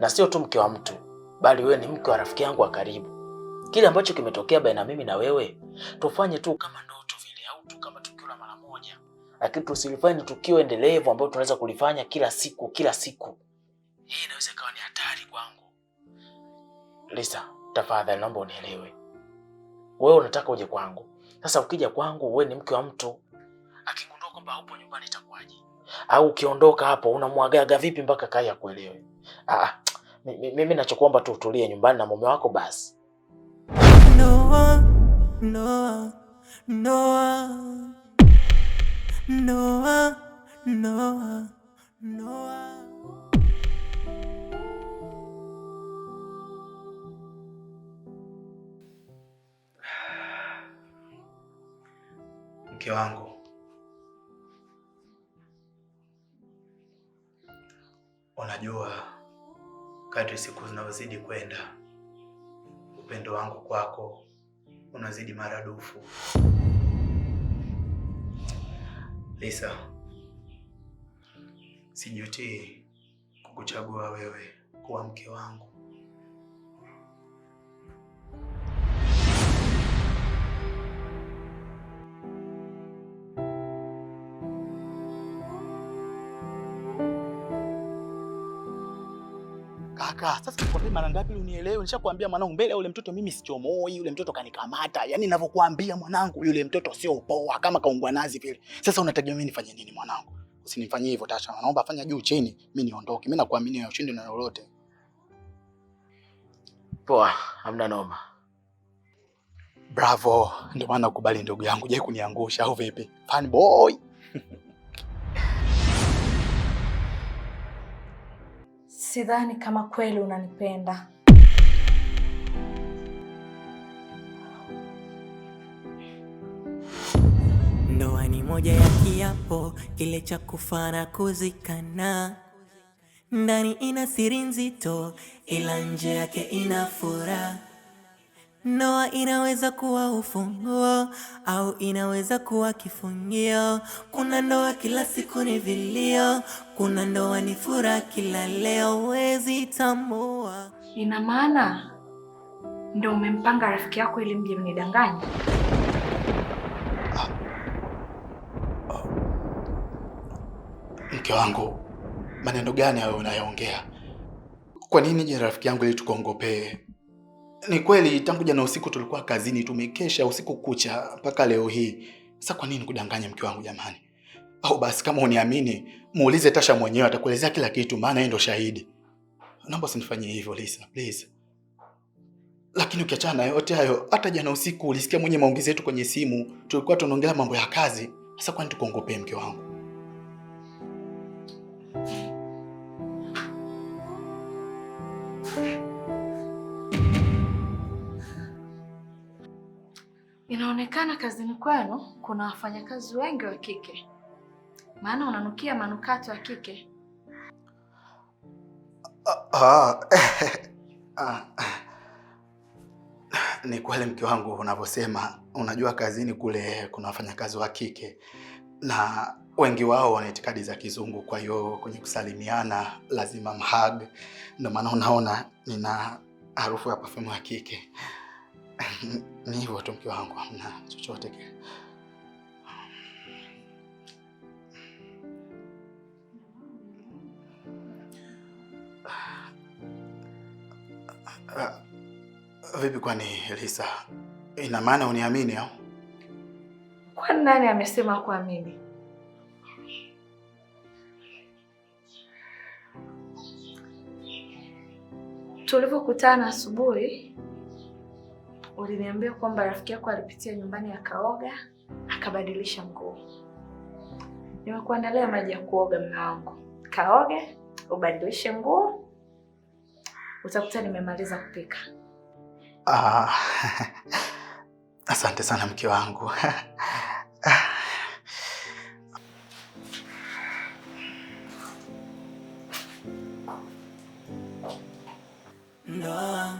na sio tu mke wa mtu, bali wewe ni mke wa rafiki yangu wa karibu. Kile ambacho kimetokea baina mimi na wewe tufanye tu kama ndoto vile, au tu kama tukio la mara moja, lakini tusilifanye tukio endelevu ambalo tunaweza kulifanya kila siku kila siku. Hii inaweza ikawa ni hatari kwangu. Lisa, tafadhali naomba unielewe. Wewe unataka uje kwangu. Sasa ukija kwangu, wewe ni mke wa mtu, akigundua kwamba haupo nyumbani itakuwaje? Au ukiondoka hapo unamwagaga vipi mpaka Kai akuelewe? Ah, ah mimi nachokuomba tu utulie nyumbani na mume wako basi. Noa, Noa, Noa, Noa, Noa, Noa. Mke wangu unajua kadri siku zinazozidi kwenda, upendo wangu kwako unazidi maradufu. Lisa, sijutii kukuchagua wewe kuwa mke wangu. kaka, sasa nikwambia mara ngapi unielewe? Nishakwambia mwanangu, mbele yule mtoto mimi sichomoi, yule mtoto kanikamata. Yaani ninavyokuambia mwanangu, yule mtoto sio upoa kama kaungwa nazi vile. Sasa unategemea mimi nifanye nini mwanangu? Usinifanyie hivyo Tasha. Naomba fanya juu chini, mimi niondoke. Mimi nakuamini na ushindi na lolote. Poa, hamna noma. Bravo, ndio maana ukubali ndugu yangu, je, kuniangusha au vipi? Fan boy. sidhani kama kweli unanipenda. Ndoa ni moja ya kiapo kile cha kufana kuzikana. Ndani ina siri nzito, ila nje yake ina furaha. Ndoa inaweza kuwa ufunguo au inaweza kuwa kifungio. Kuna ndoa kila siku ni vilio, kuna ndoa ni furaha kila leo, wezi tambua. Ina maana ndio umempanga rafiki yako ili mje mnidanganye? Mke wangu, maneno gani hayo unayoongea? Kwa nini je rafiki yangu ili tukuongopee ni kweli tangu jana usiku tulikuwa kazini, tumekesha usiku kucha mpaka leo hii. Sasa kwa nini kudanganya mke wangu jamani? Au basi kama uniamini, muulize Tasha mwenyewe atakuelezea kila kitu, maana yeye ndo shahidi. Naomba usinifanyie hivyo Lisa, please. Lakini ukiachana na yote hayo, hata jana usiku ulisikia mwenye maongezi yetu kwenye simu, tulikuwa tunaongelea mambo ya kazi. Sasa kwani tukuongopee mke wangu? Thank you. Inaonekana kazini kwenu kuna wafanyakazi wengi wa kike, maana unanukia manukato ya kike. Ah ah, ah, ah, ni kweli mke wangu unavyosema. Unajua, kazini kule kuna wafanyakazi wa kike na wengi wao wana itikadi za Kizungu. Kwa hiyo kwenye kusalimiana lazima mhag, ndio maana unaona nina harufu ya pafumu ya kike. Ni hivyo tu mke wangu, hamna chochote kile. Vipi, kwani Lisa, ina maana uniamini au? Kwani nani amesema kuamini? Tulivyokutana asubuhi uliniambia kwamba rafiki yako alipitia nyumbani akaoga akabadilisha nguo. Nimekuandalia maji ya kuoga, mme wangu, kaoge ubadilishe nguo, utakuta nimemaliza kupika. Ah, asante sana mke wangu.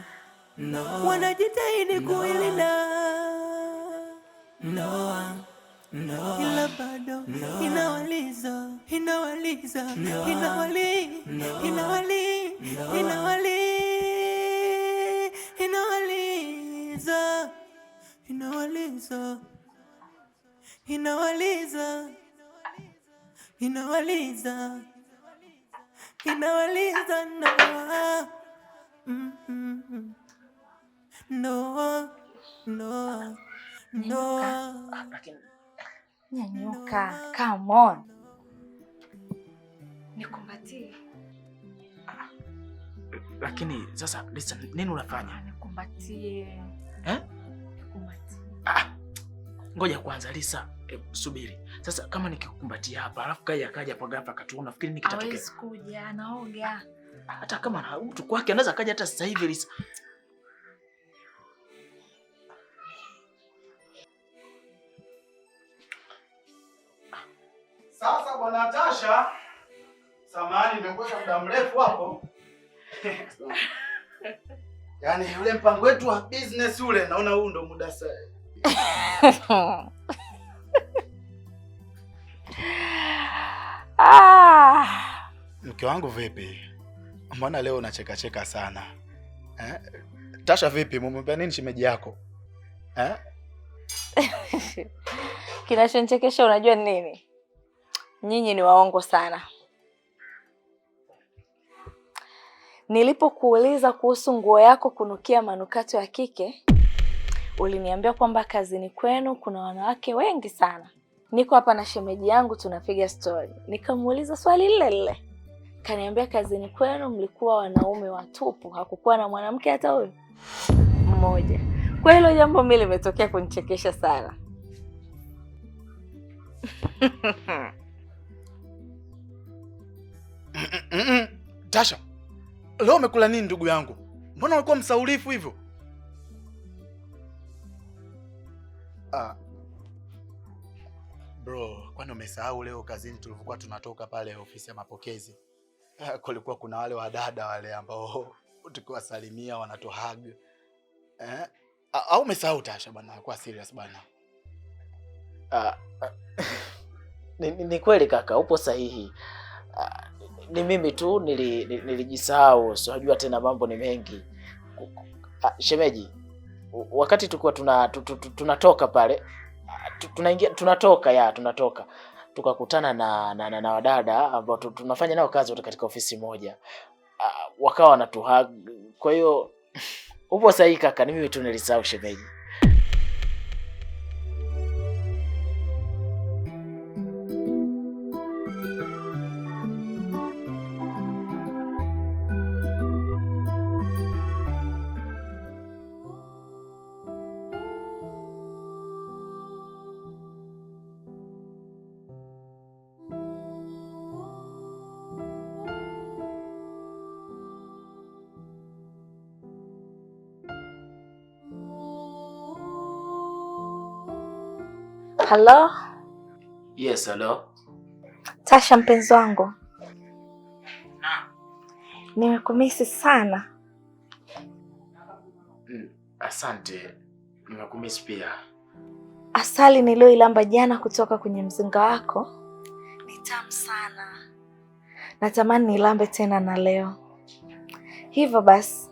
wanajitahidi kuilinda ila bado inawaliza inawaliza inawali inawali inawali inawaliza inawaliza inawaliza inawaliza inawaliza inawaliza. mm mm-hmm no, no, no. Nyanyuka, come on. Nikumbatie. Lakini sasa listen, nini unafanya? Nikumbatie. Eh? Nikumbatie. Ah. Ngoja kwanza Lisa, eh, subiri. Sasa kama nikikukumbatia hapa, alafu kaja akaja hapa ghafla katuona, nafikiri nini kitatokea? Hawezi kuja, anaoga. Hata kama na mtu kwake anaweza kaja hata sasa hivi Lisa. Bwana Natasha, samahani nimekuweka muda mrefu hapo. Yaani ule mpango wetu wa business ule naona huu ndo muda sasa. Ah. Mke wangu vipi? Mbona leo unachekacheka sana eh? Tasha vipi, mumwambia nini shemeji yako eh? Kinachonichekesha unajua nini? nyinyi ni waongo sana. Nilipokuuliza kuhusu nguo yako kunukia manukato ya kike, uliniambia kwamba kazini kwenu kuna wanawake wengi sana. Niko hapa na shemeji yangu tunapiga stori, nikamuuliza swali lile lile, kaniambia kazini kwenu mlikuwa wanaume watupu, hakukuwa na mwanamke hata huyu mmoja. Kwa hilo jambo mimi limetokea kunichekesha sana Mm -mm. Tasha, leo umekula nini ndugu yangu? Mbona ulikuwa msaulifu hivyo? Ah. Bro, kwani umesahau leo kazini tulivyokuwa tunatoka pale ofisi ya mapokezi? Ah, kulikuwa kuna wale wadada wale ambao tukiwasalimia wanatuhag. Eh? Au umesahau Tasha bwana, kwa serious bwana. Ah. ah. Ni, ni kweli kaka, upo sahihi. Ah ni mimi tu nilijisahau, nili sinajua tena, mambo ni mengi. Ah, shemeji, wakati tulikuwa tuna tunatoka pale tunaingia tunatoka ya tunatoka tukakutana na, na, na, na wadada ambao tunafanya nao kazi katika ofisi moja, ah, wakawa wanatuhag. Kwa hiyo upo sahihi kaka, ni mimi tu nilisahau shemeji. Hello? Yes, hello. Tasha mpenzi wangu, nimekumisi sana. Mm, asante, nimekumisi pia. Asali niliyoilamba jana kutoka kwenye mzinga wako ni tamu sana, natamani nilambe tena na leo. Hivyo basi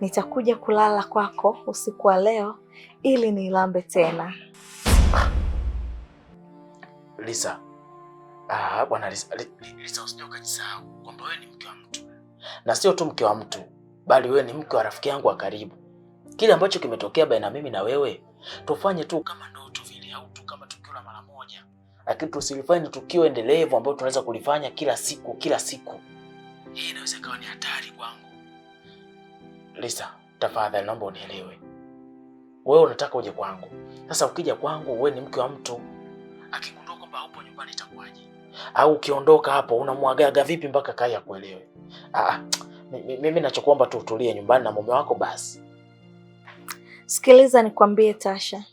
nitakuja kulala kwako usiku wa leo ili nilambe tena. Lisa. Ah, bwana Lisa, Lisa usije ukajisahau kwamba wewe ni mke wa mtu. Na sio tu mke wa mtu, bali wewe ni mke wa rafiki yangu wa karibu. Kile ambacho kimetokea baina mimi na wewe, tufanye tu kama ndoto vile au tu kama tukio la mara moja. Lakini tusilifanye tukio endelevu ambalo tunaweza kulifanya kila siku kila siku. Hii inaweza kuwa ni hatari kwangu. Lisa, tafadhali naomba unielewe. Wewe unataka uje kwangu. Sasa ukija kwangu, wewe ni mke wa mtu. Akigundua kwamba haupo nyumbani itakuwaje? Au ukiondoka hapo unamwagaga vipi mpaka Kai akuelewe? Ah, mimi ah, nachokuomba tu utulie nyumbani na mume wako basi. Sikiliza nikwambie, Tasha,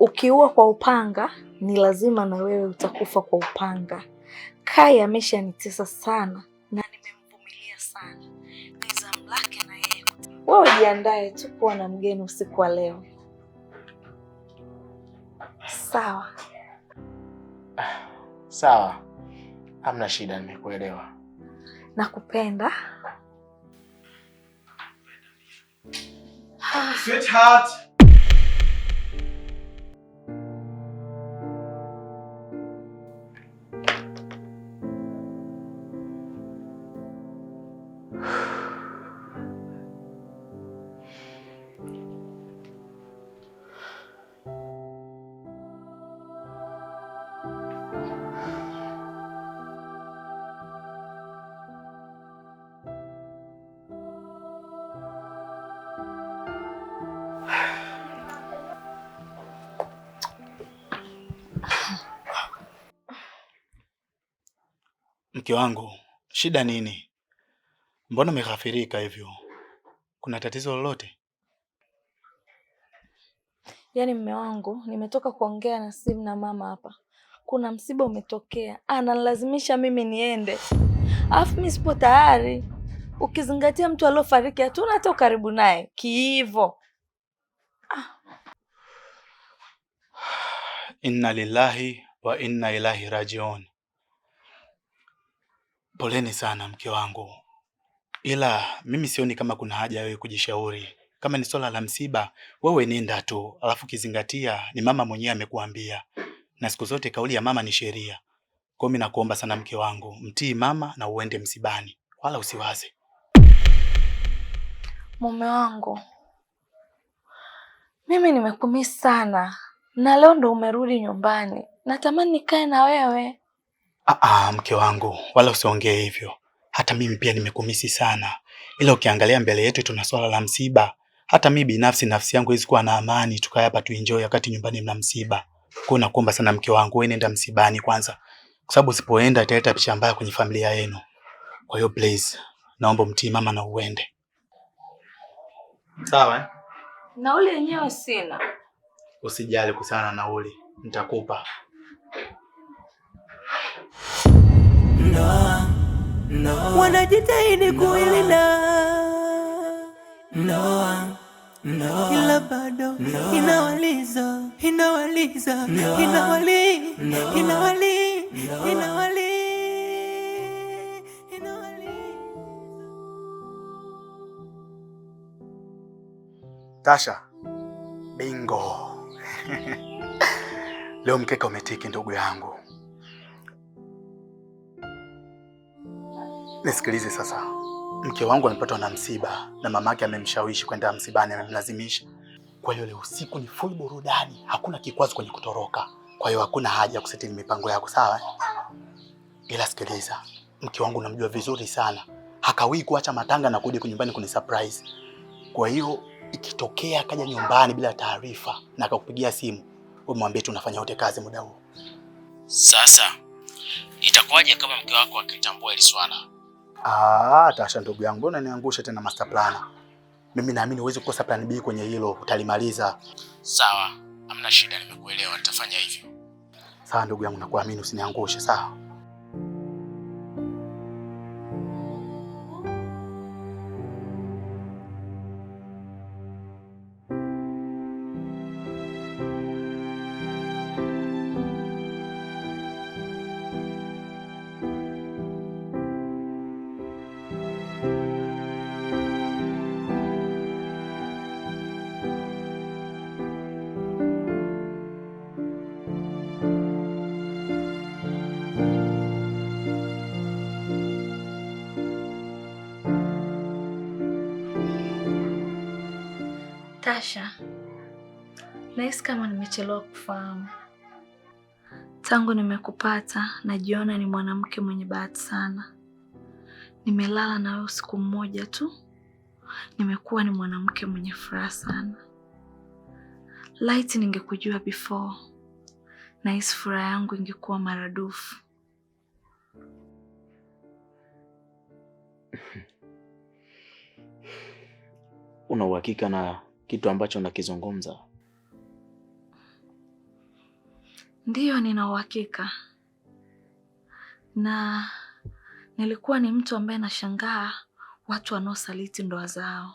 ukiua kwa upanga ni lazima na wewe utakufa kwa upanga. Kai ameshanitesa sana na nimemvumilia sana, ni zamu lake na yeye. Wewe jiandae tu kuwa na mgeni usiku wa leo, sawa? Sawa, hamna shida, nimekuelewa. Nakupenda. Sweetheart. Mke wangu, shida nini? Mbona umeghafirika hivyo? Kuna tatizo lolote? Yaani mme wangu, nimetoka kuongea na simu na mama hapa, kuna msiba umetokea, analazimisha mimi niende, alafu mi sipo tayari, ukizingatia mtu aliofariki hatuna hata ukaribu naye kiivo. Ah. Inna lillahi wa inna ilahi rajiun. Poleni sana mke wangu, ila mimi sioni kama kuna haja wewe kujishauri. Kama ni swala la msiba, wewe nenda tu, alafu kizingatia ni mama mwenyewe amekuambia, na siku zote kauli ya mama ni sheria. Kwa hiyo mimi nakuomba sana mke wangu, mtii mama na uende msibani, wala usiwaze. Mume wangu, mimi nimekumisi sana, na leo ndo umerudi nyumbani. Natamani nikae na wewe Aa, ah, ah, mke wangu wala usiongee hivyo. Hata mimi pia nimekumisi sana, ila ukiangalia mbele yetu tuna swala la msiba. Hata mimi binafsi nafsi yangu haiwezi kuwa na amani tukae hapa tu enjoy wakati nyumbani mna msiba. Kwa hiyo nakuomba sana mke wangu, wewe nenda msibani kwanza, kwa sababu usipoenda italeta picha mbaya kwenye familia yenu. Kwa hiyo please, naomba mtii mama na uende. Sawa eh? Nauli yenyewe sina. Usijali kusana na nauli, nitakupa no, no, wanajitahidi kuilinda no, no, ila bado no, inawaliza inawaliza no, inawali inawali inawali Tasha, bingo! Leo mkeka umetiki ndugu yangu. Nisikilize sasa, mke wangu amepatwa na msiba na mamake amemshawishi kwenda msibani, amemlazimisha. Kwa hiyo leo usiku ni full burudani, hakuna kikwazo kwenye kutoroka. Kwa hiyo hakuna haja ya kusetini mipango yako, sawa? Ila sikiliza, mke wangu namjua vizuri sana, hakawii kuacha matanga na kuja nyumbani kuni surprise. Kwa hiyo ikitokea akaja nyumbani bila taarifa na akakupigia simu, umwambie tu unafanya wote kazi muda huo. Sasa itakuwaje kama mke wako akitambua ile swala Ah, Tasha ndugu yangu, mbona niangusha tena master plan? Mimi naamini huwezi kukosa plan B kwenye hilo, utalimaliza. Sawa, hamna shida, nimekuelewa, nitafanya hivyo. Sawa ndugu yangu, nakuamini, usiniangushe, sawa? Tasha, nahisi kama nimechelewa kufahamu. Tangu nimekupata najiona ni mwanamke mwenye bahati sana. Nimelala na wewe usiku mmoja tu, nimekuwa ni mwanamke mwenye furaha sana. Laiti ningekujua before, nahisi furaha yangu ingekuwa maradufu. Una uhakika na kitu ambacho nakizungumza? Ndiyo, nina uhakika na nilikuwa ni mtu ambaye nashangaa watu wanaosaliti ndoa zao,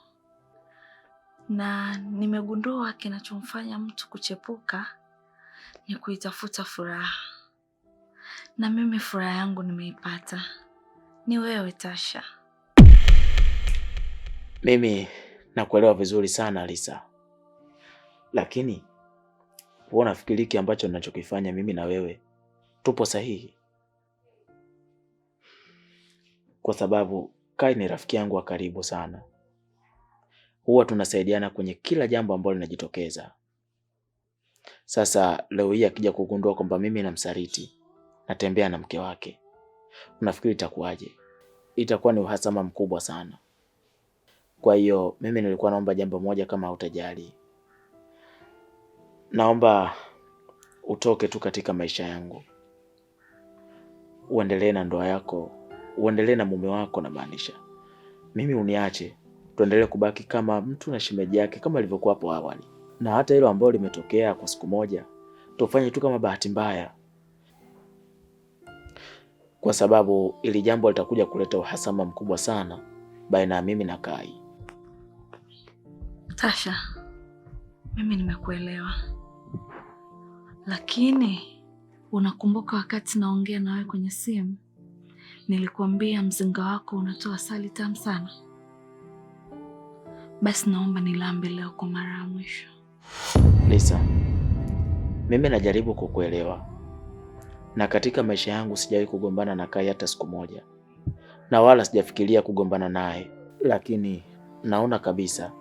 na nimegundua kinachomfanya mtu kuchepuka ni kuitafuta furaha, na mimi furaha yangu nimeipata, ni wewe Tasha. Mimi na kuelewa vizuri sana lisa lakini huwa nafikiri hiki ambacho ninachokifanya mimi na wewe tupo sahihi, kwa sababu Kai ni rafiki yangu wa karibu sana, huwa tunasaidiana kwenye kila jambo ambalo linajitokeza. Sasa leo hii akija kugundua kwamba mimi namsaliti, natembea na mke wake, unafikiri itakuwaje? Itakuwa ni uhasama mkubwa sana. Kwa hiyo mimi nilikuwa naomba jambo moja, kama utajali, naomba utoke tu katika maisha yangu, uendelee na ndoa yako, uendelee na mume wako, namaanisha mimi, uniache tuendelee kubaki kama mtu na shemeji yake kama ilivyokuwa hapo awali, na hata hilo ambalo limetokea kwa siku moja tufanye tu kama bahati mbaya, kwa sababu ili jambo litakuja kuleta uhasama mkubwa sana baina ya mimi na Kai. Tasha, mimi nimekuelewa, lakini unakumbuka wakati naongea na wewe kwenye simu nilikuambia mzinga wako unatoa asali tamu sana? Basi naomba nilambe leo kwa mara ya mwisho. Lisa, mimi najaribu kukuelewa, na katika maisha yangu sijawahi kugombana na Kai hata siku moja, na wala sijafikiria kugombana naye, lakini naona kabisa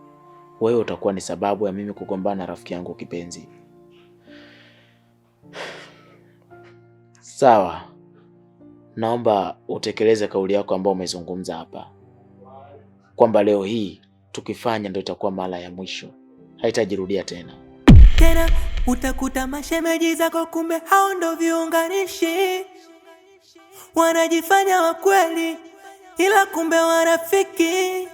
wewe utakuwa ni sababu ya mimi kugombana na rafiki yangu kipenzi. Sawa, naomba utekeleze kauli yako ambayo umezungumza hapa kwamba leo hii tukifanya ndio itakuwa mara ya mwisho, haitajirudia tena. Tena utakuta mashemeji zako, kumbe hao ndo viunganishi, wanajifanya wakweli ila kumbe warafiki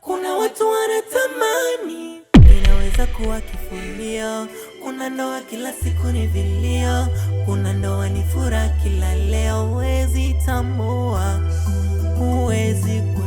kuna watu wanatamani inaweza kuwa kifulio. Kuna ndoa kila siku ni vilio, kuna ndoa ni furaha kila leo. Huwezi tambua, huwezi